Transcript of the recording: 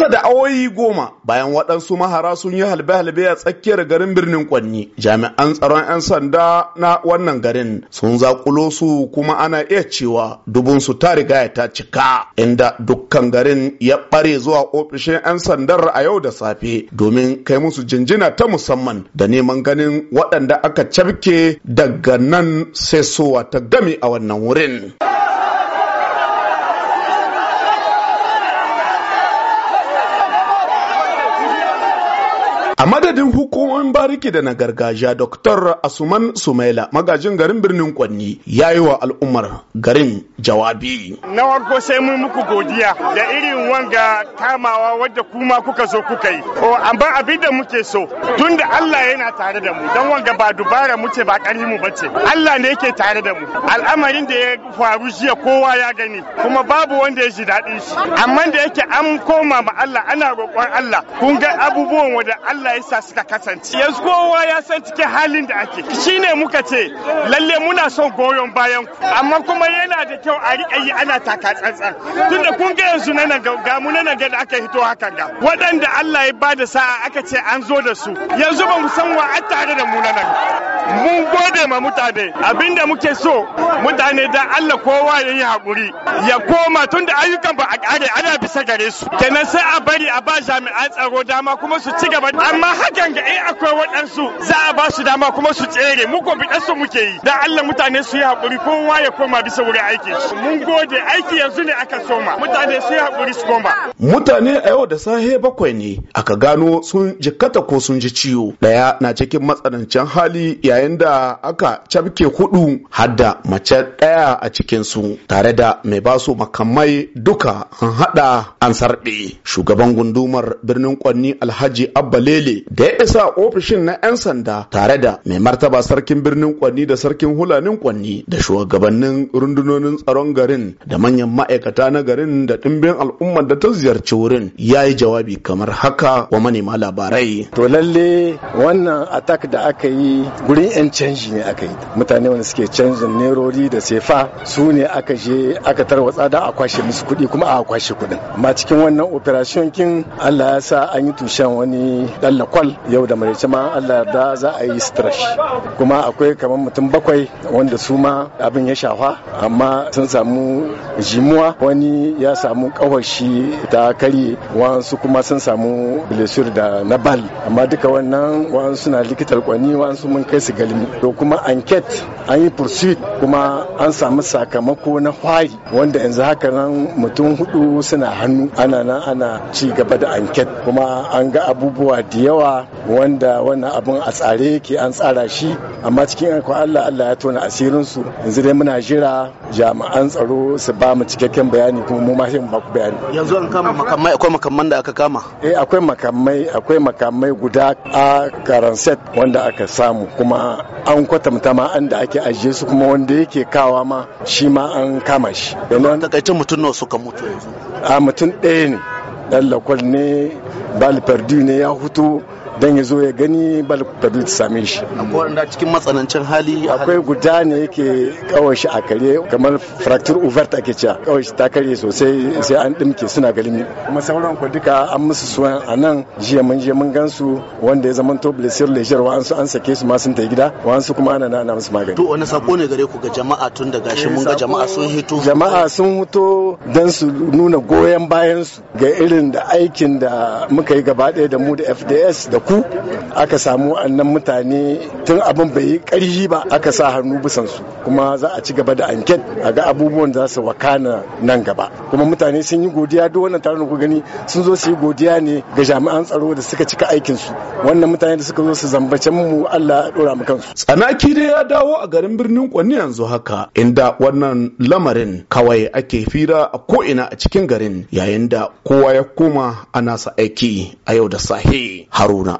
kusa da awoyi goma bayan waɗansu mahara sun yi halbe-halbe a tsakiyar garin birnin Kwanni, jami'an tsaron 'yan sanda na wannan garin sun zakulo su kuma ana iya cewa dubunsu ta riga ta cika, inda dukkan garin ya ɓare zuwa ofishin 'yan sandar a yau da safe domin kai musu jinjina ta musamman da neman ganin waɗanda aka cafke daga nan sai sowa ta gami a wannan wurin. hukumomin bariki da na gargajiya Dr. Asuman Sumaila magajin garin birnin Kwanni ya yi wa al'ummar garin jawabi. Na farko sai mun muku godiya da irin wanga kamawa wadda kuma kuka zo kuka yi. O amma abin da muke so tun da Allah yana tare da mu don wanga ba dubara muke ba ƙarfi mu bace. Allah ne yake tare da mu. Al'amarin da ya faru jiya kowa ya gani kuma babu wanda ya ji daɗin shi. Amma da yake an koma ma Allah ana roƙon Allah kun ga abubuwan wanda Allah ya sa suka ta kasance yanzu kowa ya san cikin halin da ake shine muka ce lalle muna son goyon bayan ku amma kuma yana da kyau a riƙa yi ana taka tsantsan tunda kun ga yanzu na nan ga mu na nan da aka hito haka ga waɗanda Allah ya bada sa'a aka ce an zo da su yanzu ba mu san wa an tare da mu na nan mun gode ma mutane abinda muke so mutane da Allah kowa ya yi haƙuri ya koma tunda ayyukan ba a ƙare ana bisa gare su kenan sai a bari a ba jami'an tsaro dama kuma su ci gaba amma hakan waɗanda ai eh, akwai waɗansu za a ba su dama kuma su tsere mu ko bidan su muke yi dan Allah mutane su yi hakuri kowa ya koma bisa wurin aiki mun gode aiki yanzu ne aka soma mutane su yi hakuri su koma mutane a yau da sahe bakwai ne aka gano sun jikkata ko sun ji ciwo daya na cikin matsanancin hali yayin da aka cabke hudu hadda mace daya a cikin su tare da mai basu makamai duka an hada an sarbe shugaban gundumar birnin kwanni alhaji abba lele da ya sa ofishin na 'yan sanda tare da mai martaba sarkin birnin kwanni da sarkin hulanin kwanni da shugabannin rundunonin tsaron garin da manyan ma'aikata na garin da ɗimbin al'ummar da ta ziyarci wurin ya yi jawabi kamar haka wa manema labarai. To lalle wannan attack da aka yi gurin 'yan canji ne aka yi mutane wanda suke canjin nerori da sefa su ne aka je aka tarwatsa da a kwashe musu kuɗi kuma a kwashe kuɗin amma cikin wannan operation kin Allah ya sa an yi tushen wani ɗan lakwal yau da mai ma Allah da za a yi stretch kuma akwai kamar mutum bakwai wanda su ma abin ya shafa amma sun samu jimuwa wani ya samu kawashi ta kari wasu kuma sun samu blessur da na bal amma duka wannan wasu na likitar kwani wasu mun kai su galmi to kuma anket an yi pursuit kuma an samu sakamako na hwari wanda yanzu haka nan mutum hudu suna hannu ana nan ana ci gaba da anket kuma an ga abubuwa da yawa wanda wannan abin a tsare yake an tsara shi amma cikin aiko Allah Allah ya tona asirin su yanzu dai muna jira jami'an tsaro su ba mu cikakken bayani kuma mu ma sai ba ku bayani yanzu an kama makamai akwai makamman da aka kama eh akwai makamai akwai makamai guda a karanset wanda aka samu kuma an kwatanta ma an da ake ajiye su kuma wanda yake kawa ma shi ma an kama shi yanzu takaicin mutum nawa suka mutu yanzu a mutum ɗaya ne dan lakwal ne bal ne ya hutu don ya zo ya gani bal ta same shi akwai wanda cikin matsanancin hali akwai guda ne yake kawai shi a kare kamar fracture overt ake cewa kawai shi ta kare sosai sai an dimke suna galimi kuma sauran ku duka an musu suwan a nan jiya mun je mun gansu wanda ya zama to blessure leisure wa an sake su ma sun ta gida su kuma ana ana musu magani to wani sako ne gare ku ga jama'a tun da gashi mun ga eh, jama'a sun hito jama'a sun hito dan su nuna goyon bayan su ga irin da aikin da muka yi gaba ɗaya da mu da FDS da uku aka samu annan mutane tun abin bai yi ƙarfi ba aka sa hannu bisan su kuma za a ci gaba da anken a ga abubuwan za su wakana nan gaba kuma mutane sun yi godiya duk wannan taron ku gani sun zo su yi godiya ne ga jami'an tsaro da suka cika aikin su wannan mutane da suka zo su zambace mu Allah ya dora mu kansu tsanaki dai ya dawo a garin birnin Kwanni yanzu haka inda wannan lamarin kawai ake fira a ko ina a cikin garin yayin da kowa ya koma ana sa aiki a yau da sahi haruna